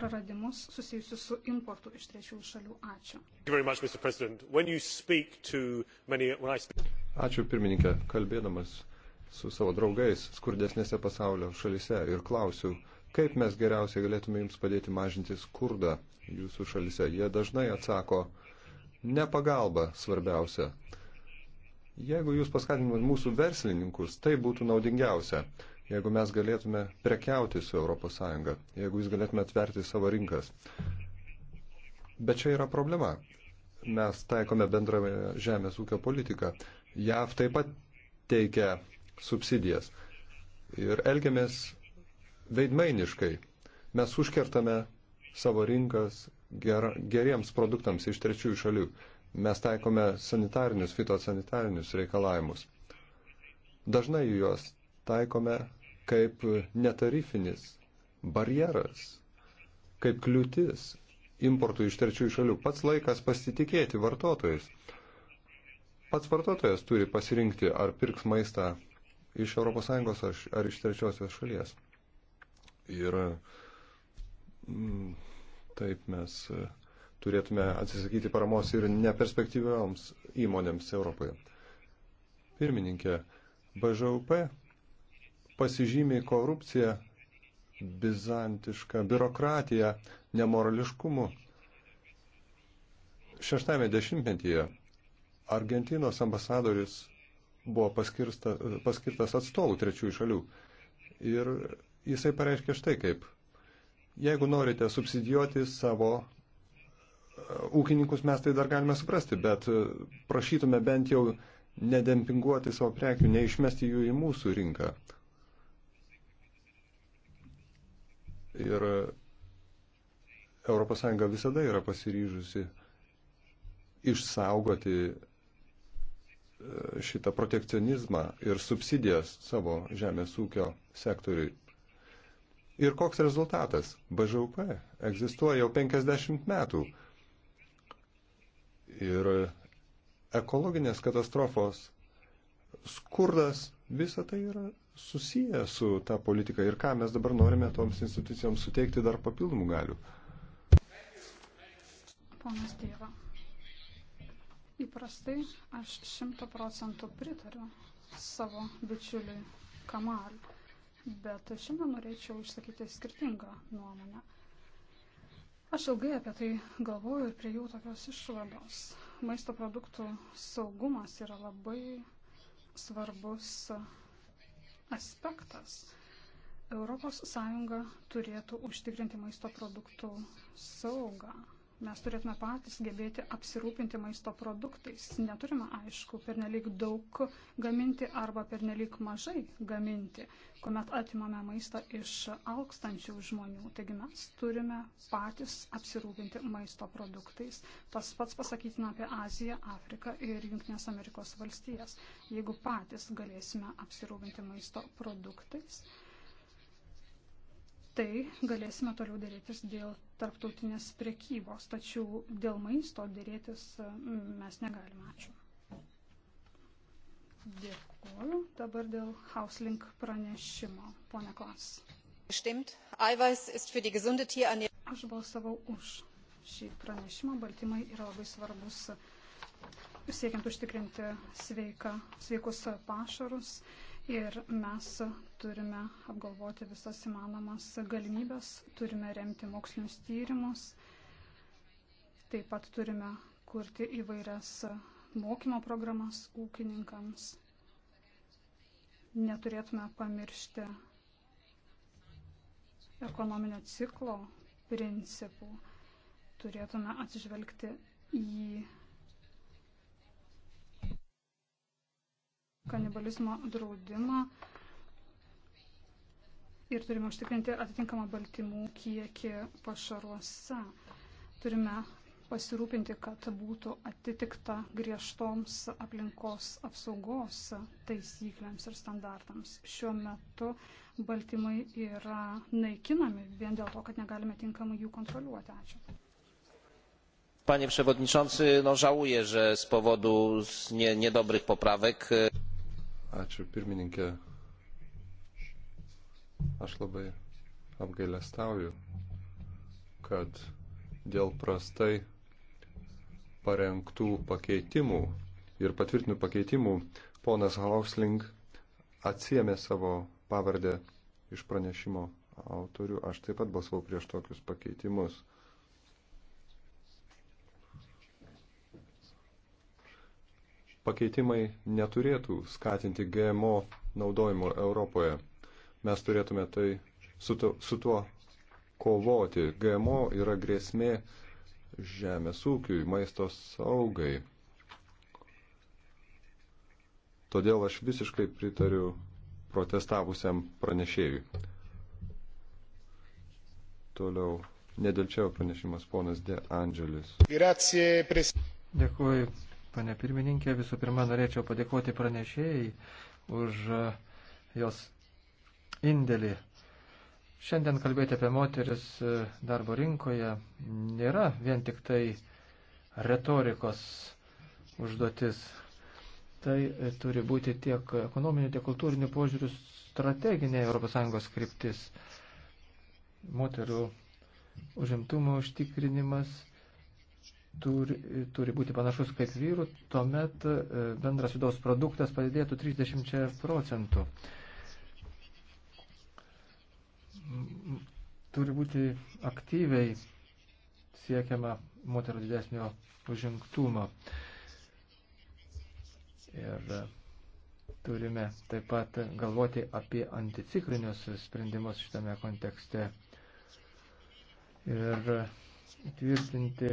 praradimus susijusius su importu iš trečiųjų šalių. Ačiū. Ačiū pirmininkė, kalbėdamas su savo draugais skurdesnėse pasaulio šalise ir klausiu, kaip mes geriausiai galėtume jums padėti mažinti skurdą jūsų šalise. Jie dažnai atsako, ne pagalba svarbiausia. Jeigu jūs paskatintumėt mūsų verslininkus, tai būtų naudingiausia jeigu mes galėtume prekiauti su ES, jeigu jūs galėtume atverti savo rinkas. Bet čia yra problema. Mes taikome bendrą žemės ūkio politiką. JAV taip pat teikia subsidijas. Ir elgiamės veidmainiškai. Mes užkertame savo rinkas ger, geriems produktams iš trečiųjų šalių. Mes taikome sanitarinius, fitosanitarinius reikalavimus. Dažnai juos taikome kaip netarifinis barjeras, kaip kliūtis importų iš trečiųjų šalių. Pats laikas pasitikėti vartotojais. Pats vartotojas turi pasirinkti, ar pirks maistą iš ES ar iš trečiosios šalies. Ir mm, taip mes e, turėtume atsisakyti paramos ir neperspektyvioms įmonėms Europoje. Pirmininkė, BŽUP pasižymė korupcija, bizantiška biurokratija, nemorališkumu. Šeštame dešimtmetyje Argentinos ambasadorius buvo paskirsta, paskirtas atstovų trečiųjų šalių. Ir jisai pareiškė štai kaip. Jeigu norite subsidijuoti savo uh, ūkininkus, mes tai dar galime suprasti, bet uh, prašytume bent jau nedempinguoti savo prekių, neišmesti jų į mūsų rinką. Ir ES visada yra pasiryžusi išsaugoti e, šitą protekcionizmą ir subsidijas savo žemės ūkio sektoriui. Ir koks rezultatas? BŽUP egzistuoja jau 50 metų. Ir ekologinės katastrofos, skurdas, visa tai yra susiję su ta politika ir ką mes dabar norime toms institucijoms suteikti dar papildomų galių. Ponas Dėva, įprastai aš šimta procentų pritariu savo bičiuliui Kamal, bet šiandien norėčiau išsakyti skirtingą nuomonę. Aš ilgai apie tai galvoju ir prie jų tokios išvados. Maisto produktų saugumas yra labai svarbus aspektas. ES turėtų užtikrinti maisto produktų saugą. Mes turėtume patys gebėti apsirūpinti maisto produktais. Neturime, aišku, pernelyg daug gaminti arba pernelyg mažai gaminti, kuomet atimame maistą iš alkstančių žmonių. Taigi mes turime patys apsirūpinti maisto produktais. Tas pats pasakytina apie Aziją, Afriką ir Junktinės Amerikos valstijas. Jeigu patys galėsime apsirūpinti maisto produktais, tai galėsime toliau dėrėtis dėl tarptautinės priekybos, tačiau dėl maisto dėrėtis mes negalime. Ačiū. Dėkuoju. Dabar dėl Hauslink pranešimo. Pone Klas. Aš balsavau už šį pranešimą. Baltymai yra labai svarbus siekiant užtikrinti sveika, sveikus pašarus. Ir mes turime apgalvoti visas įmanomas galimybės, turime remti mokslinius tyrimus, taip pat turime kurti įvairias mokymo programas ūkininkams. Neturėtume pamiršti ekonominio ciklo principų, turėtume atsižvelgti į kanibalizmo draudimą ir turime užtikrinti atitinkamą baltymų kiekį pašaruose. Turime pasirūpinti, kad būtų atitikta griežtoms aplinkos apsaugos taisyklėms ir standartams. Šiuo metu baltymai yra naikinami vien dėl to, kad negalime tinkamai jų kontroliuoti. Ačiū. Panie Przewodniczący, no żałuję, że z powodu nie, niedobrych poprawek. Ačiū pirmininkė. Aš labai apgailestauju, kad dėl prastai parengtų pakeitimų ir patvirtinių pakeitimų ponas Hausling atsiemė savo pavardę iš pranešimo autorių. Aš taip pat balsavau prieš tokius pakeitimus. pakeitimai neturėtų skatinti GMO naudojimo Europoje. Mes turėtume tai su, to, su tuo kovoti. GMO yra grėsmė žemės ūkiui, maisto saugai. Todėl aš visiškai pritariu protestavusiam pranešėjui. Toliau nedelčiavo pranešimas ponas De Angelis. Dėkuoju, pane pirmininkė. Visų pirma, norėčiau padėkoti pranešėjai už e, jos indėlį. Šiandien kalbėti apie moteris e, darbo rinkoje nėra vien tik tai retorikos užduotis. Tai e, turi būti tiek ekonominių, tiek kultūrinių požiūrių strateginė ES kryptis. Moterų užimtumo užtikrinimas turi, turi būti panašus kaip vyrų, tuomet e, bendras vidaus produktas padidėtų 30 procentų. Turi būti aktyviai siekiama moterų didesnio užimtumo. Ir e, turime taip pat galvoti apie anticiklinius sprendimus šitame kontekste ir e, tvirtinti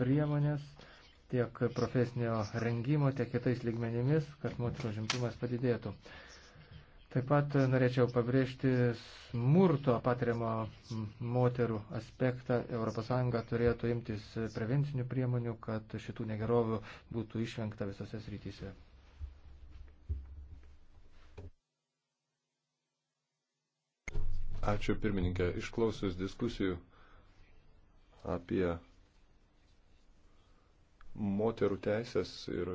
priemonės tiek profesinio rengimo, tiek kitais lygmenimis, kad moterų žimtumas padidėtų. Taip pat norėčiau pabrėžti smurto patiriamo moterų aspektą. ES turėtų imtis prevencinių priemonių, kad šitų negerovių būtų išvengta visose srityse. Ačiū pirmininkė. Išklausius diskusijų apie moterų teisės ir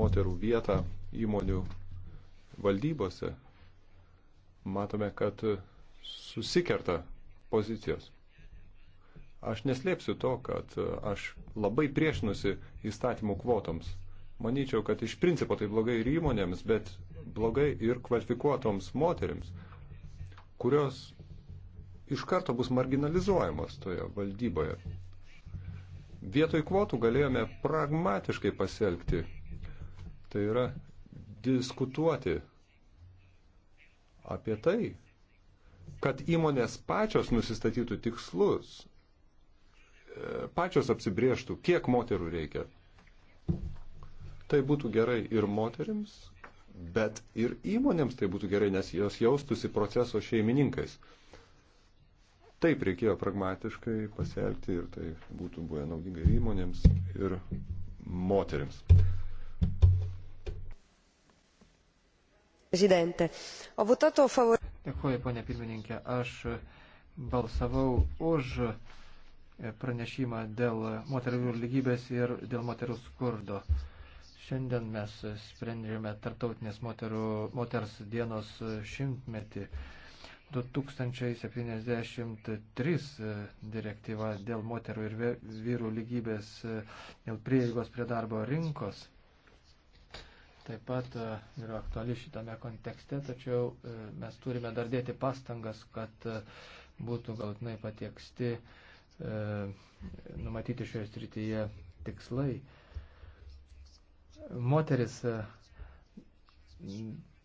moterų vietą įmonių valdybose, matome, kad susikerta pozicijos. Aš neslėpsiu to, kad aš labai priešinusi įstatymų kvotoms. Manyčiau, kad iš principo tai blogai ir įmonėms, bet blogai ir kvalifikuotoms moteriams, kurios iš karto bus marginalizuojamos toje valdyboje. Vietoj kvotų galėjome pragmatiškai pasielgti. Tai yra diskutuoti apie tai, kad įmonės pačios nusistatytų tikslus, e, pačios apsibrieštų, kiek moterų reikia. Tai būtų gerai ir moterims, bet ir įmonėms tai būtų gerai, nes jos jaustųsi proceso šeimininkais. Taip reikėjo pragmatiškai pasielgti ir tai būtų buvę naudinga ir įmonėms, ir moterims. Presidente, ho votato a favore. Dėkuoju, ponė pirmininkė. Aš balsavau už pranešimą dėl moterų lygybės ir dėl moterų skurdo. Šiandien mes sprendžiame tarptautinės moterų, moters dienos šimtmetį. 2073 direktyva dėl moterų ir vyrų lygybės e, dėl prieigos prie darbo rinkos. Taip pat e, yra aktuali šitame kontekste, tačiau e, mes turime dar dėti pastangas, kad būtų galtinai patieksti numatyti šioje srityje tikslai. Moteris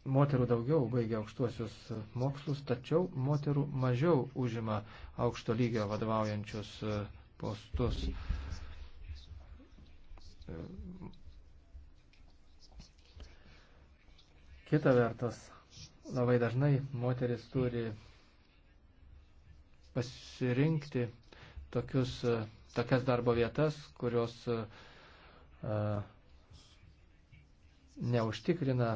moterų daugiau baigia aukštuosius mokslus, tačiau moterų mažiau užima aukšto lygio vadovaujančius e, postus. Kita vertas, labai dažnai moteris turi pasirinkti tokius, e, tokias darbo vietas, kurios uh, neužtikrina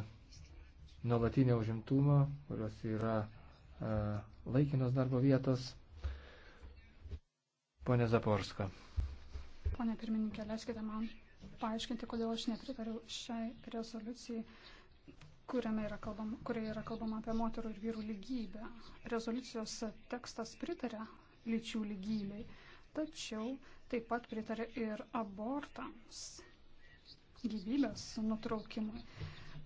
nuolatinio užimtumo, kurios yra e, laikinos darbo vietos. Pone Zaporska. Pone pirmininkė, leiskite man paaiškinti, kodėl aš nepritariu šiai rezoliucijai, kurioje yra, kalbama, kurioje yra kalbama apie moterų ir vyrų lygybę. Rezoliucijos tekstas pritarė lyčių lygybei, tačiau taip pat pritarė ir abortams, gyvybės nutraukimui.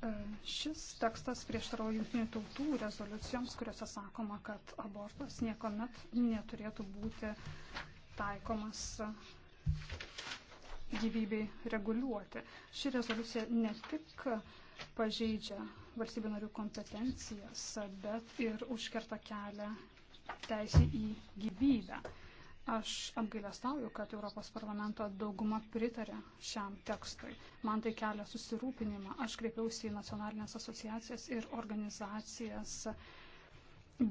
E, šis tekstas prieštarauja jungtinių tautų rezoliucijoms, kuriuose sakoma, kad abortas niekuomet neturėtų būti taikomas gyvybei reguliuoti. Ši rezoliucija ne tik pažeidžia valstybių narių kompetencijas, bet ir užkerta kelią teisį į gyvybę. Aš apgailestauju, kad Europos parlamento dauguma pritarė šiam tekstui. Man tai kelia susirūpinimą. Aš kreipiausi į nacionalinės asociacijas ir organizacijas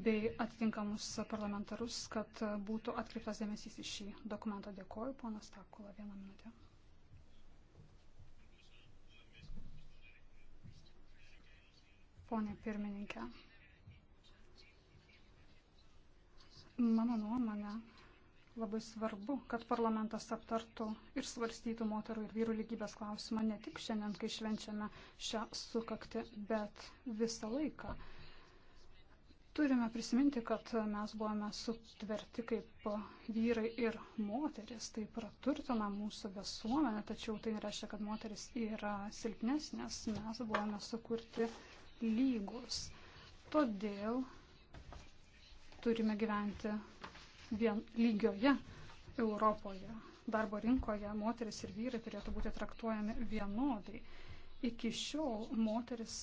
bei atitinkamus parlamentarus, kad būtų atkreiptas dėmesys į šį dokumentą. Dėkoju, ponas Takula, vieną minutę. Pone pirmininkė, mano nuomonė, labai svarbu, kad parlamentas aptartų ir svarstytų moterų ir vyrų lygybės klausimą ne tik šiandien, kai švenčiame šią sukakti, bet visą laiką. Turime prisiminti, kad mes buvome sutverti kaip vyrai ir moteris, tai praturtina mūsų visuomenę, tačiau tai nereiškia, kad moteris yra silpnesnės, mes buvome sukurti lygus. Todėl turime gyventi vien lygioje Europoje darbo rinkoje moteris ir vyrai turėtų būti traktuojami vienodai. Iki šiol moteris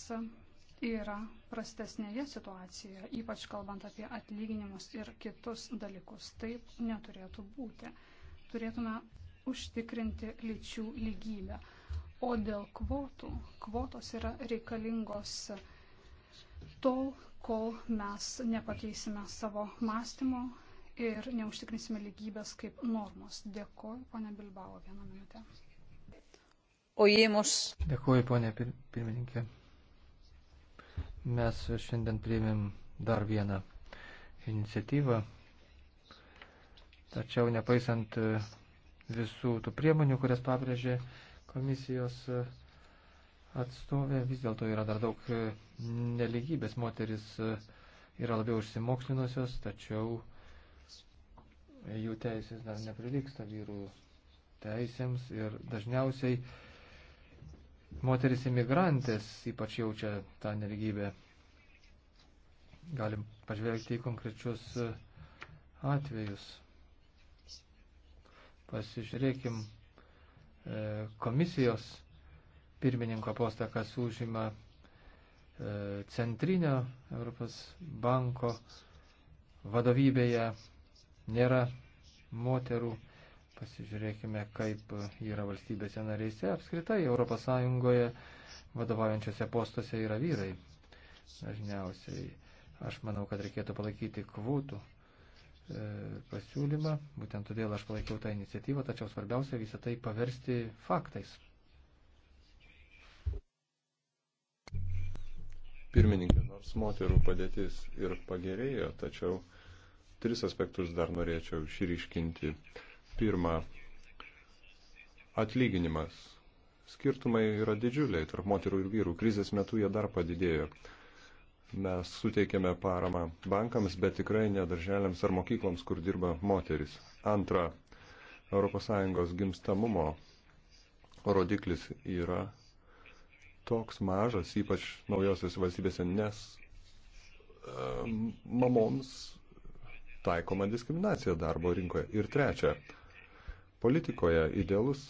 yra prastesnėje situacijoje, ypač kalbant apie atlyginimus ir kitus dalykus. Taip neturėtų būti. Turėtume užtikrinti lyčių lygybę. O dėl kvotų, kvotos yra reikalingos tol, kol mes nepakeisime savo mąstymo, ir neužtikrinsime lygybės kaip normos. Dėkoju, ponia Bilbao, vieną minutę. Ojimus. Dėkoju, ponia pir pirmininkė. Mes šiandien priėmėm dar vieną iniciatyvą, tačiau nepaisant e, visų tų priemonių, kurias pabrėžė komisijos e, atstovė, vis dėlto yra dar daug e, neligybės. Moteris yra labiau užsimokslinusios, tačiau jų teisės dar neprilyksta vyrų teisėms ir dažniausiai moteris imigrantės ypač jaučia tą nelygybę. Galim pažvelgti į konkrečius e, atvejus. Pasižiūrėkim e, komisijos pirmininko postą, kas užima e, centrinio Europos banko vadovybėje nėra moterų. Pasižiūrėkime, kaip yra valstybėse narėse. Apskritai ES vadovaujančiose postuose yra vyrai. Dažniausiai aš manau, kad reikėtų palaikyti kvotų e, pasiūlymą, būtent todėl aš palaikiau tą iniciatyvą, tačiau svarbiausia visą tai paversti faktais. Pirmininkė, nors moterų padėtis ir pagerėjo, tačiau Tris aspektus dar norėčiau išryškinti. Pirma, atlyginimas. Skirtumai yra didžiuliai tarp moterų ir vyrų. Krizės metu jie dar padidėjo. Mes suteikėme paramą bankams, bet tikrai ne darželiams ar mokykloms, kur dirba moteris. Antra, ES gimstamumo rodiklis yra toks mažas, ypač naujosios valstybėse, nes ehm, mamoms taikoma diskriminacija darbo rinkoje. Ir trečia, politikoje idealus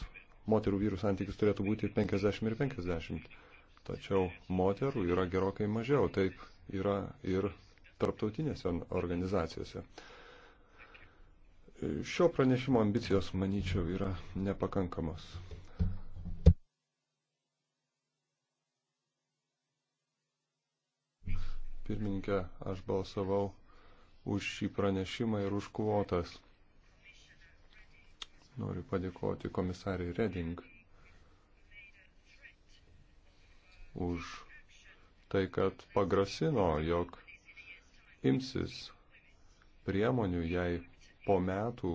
moterų vyrų santykis turėtų būti 50 ir 50. Tačiau moterų yra gerokai mažiau, taip yra ir tarptautinėse organizacijose. Šio pranešimo ambicijos, manyčiau, yra nepakankamos. Pirmininkė, aš balsavau už šį pranešimą ir už kvotas. Noriu padėkoti komisariai Reding už tai, kad pagrasino, jog imsis priemonių, jei po metų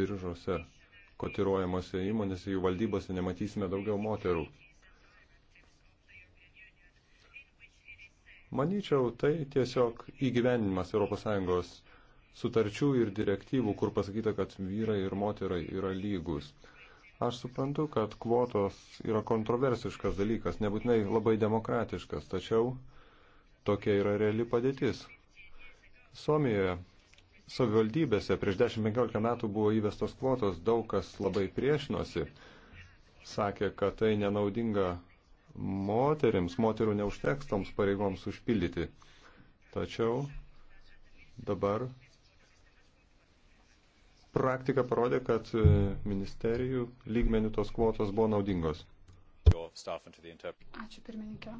biržose kotiruojamose įmonėse jų valdybose nematysime daugiau moterų. Manyčiau, tai tiesiog įgyvenimas ES sutarčių ir direktyvų, kur pasakyta, kad vyrai ir moterai yra lygus. Aš suprantu, kad kvotos yra kontroversiškas dalykas, nebūtinai labai demokratiškas, tačiau tokia yra reali padėtis. Suomijoje savivaldybėse prieš 10-15 metų buvo įvestos kvotos, daug kas labai priešinosi, sakė, kad tai nenaudinga moterims, moterų neužteks toms pareigoms užpildyti. Tačiau dabar praktika parodė, kad e, ministerijų lygmenių tos kvotos buvo naudingos. Ačiū pirmininkė.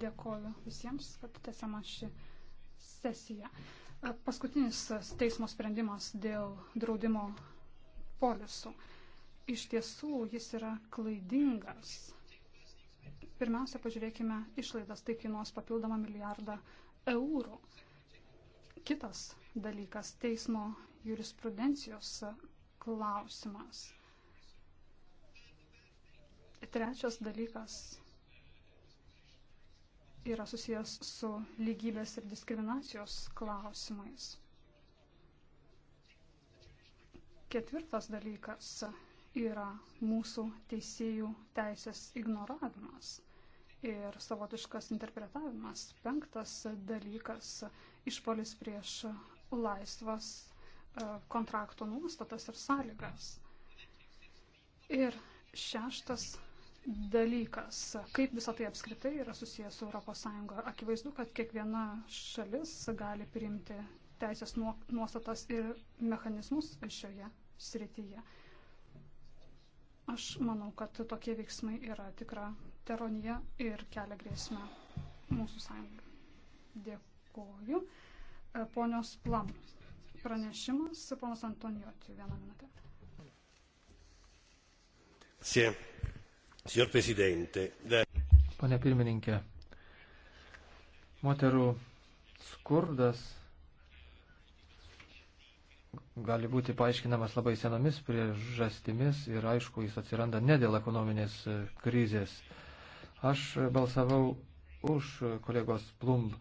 Dėkoju visiems, kad tęsiama ši sesija. E, paskutinis teismo sprendimas dėl draudimo polisų. Iš tiesų jis yra klaidingas Pirmiausia, pažiūrėkime išlaidas, tai kainuos papildomą milijardą eurų. Kitas dalykas - teismo jurisprudencijos klausimas. Trečias dalykas yra susijęs su lygybės ir diskriminacijos klausimais. Ketvirtas dalykas yra mūsų teisėjų teisės ignoravimas ir savotiškas interpretavimas. Penktas dalykas - išpolis prieš laisvas e, kontrakto nuostatas ir sąlygas. Ir šeštas dalykas - kaip visą tai apskritai yra susijęs su ES. Akivaizdu, kad kiekviena šalis gali priimti teisės nuostatas ir mechanizmus šioje srityje. Aš manau, kad tokie veiksmai yra tikra teronija ir kelia grėsmę mūsų sąjungai. Dėkoju. E, ponios Plam. Pranešimas, ponas Antonijoti, vieną minutę. Signor Presidente. Pone pirmininkė, moterų skurdas gali būti paaiškinamas labai senomis priežastimis ir aišku, jis atsiranda ne dėl ekonominės krizės. Aš balsavau už kolegos Plumb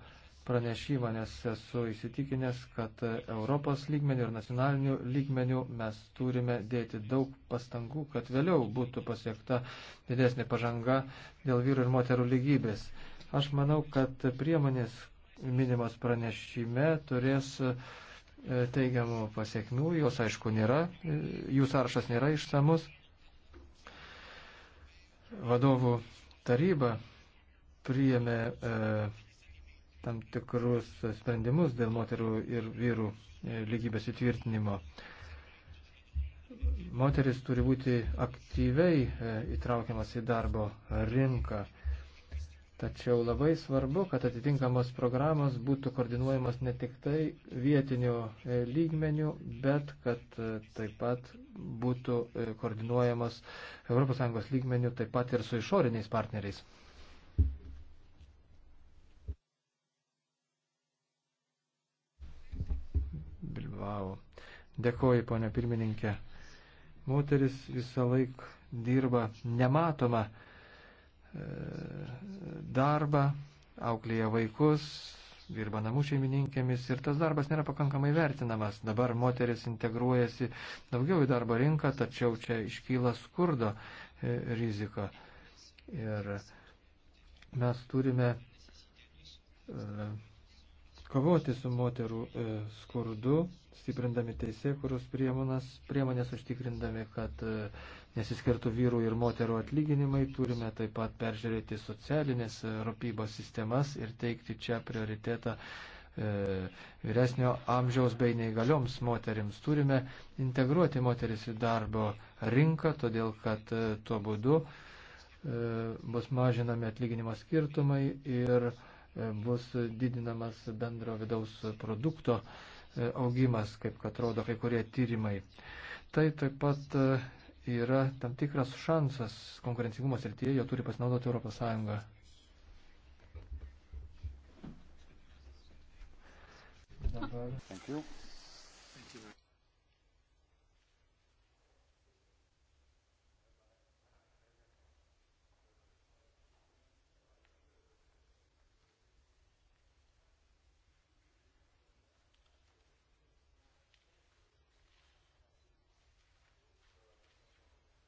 pranešimą, nes esu įsitikinęs, kad Europos lygmenių ir nacionalinių lygmenių mes turime dėti daug pastangų, kad vėliau būtų pasiekta didesnė pažanga dėl vyrų ir moterų lygybės. Aš manau, kad priemonės minimos pranešime turės e, teigiamų pasiekmių, jos aišku nėra, e, jų sąrašas nėra išsamus. Vadovų taryba priėmė e, tam tikrus sprendimus dėl moterų ir vyrų e, lygybės įtvirtinimo. Moteris turi būti aktyviai e, įtraukiamas į darbo rinką. Tačiau labai svarbu, kad atitinkamos programos būtų koordinuojamos ne tik tai vietinių e, lygmenių, bet kad e, taip pat būtų e, koordinuojamos ES lygmenių taip pat ir su išoriniais partneriais. Bilbao. Dėkoju, ponia pirmininkė. Moteris visą laiką dirba nematoma darbą, auklėja vaikus, dirba namų šeimininkėmis ir tas darbas nėra pakankamai vertinamas. Dabar moteris integruojasi daugiau į darbo rinką, tačiau čia iškyla skurdo e, rizika. Ir mes turime e, kovoti su moterų e, skurdu, stiprindami teisė, kurus priemonės, priemonės užtikrindami, kad nesiskirtų vyrų ir moterų atlyginimai, turime taip pat peržiūrėti socialinės rūpybos sistemas ir teikti čia prioritetą e, vyresnio amžiaus bei neįgalioms moterims. Turime integruoti moteris į darbo rinką, todėl kad e, tuo būdu e, bus mažinami atlyginimo skirtumai ir e, bus didinamas bendro vidaus produkto e, augimas, kaip kad rodo kai kurie tyrimai. Tai taip pat e, yra tam tikras šansas konkurencingumo srityje, jo turi pasinaudoti Europos Sąjunga. Dabar. Thank you.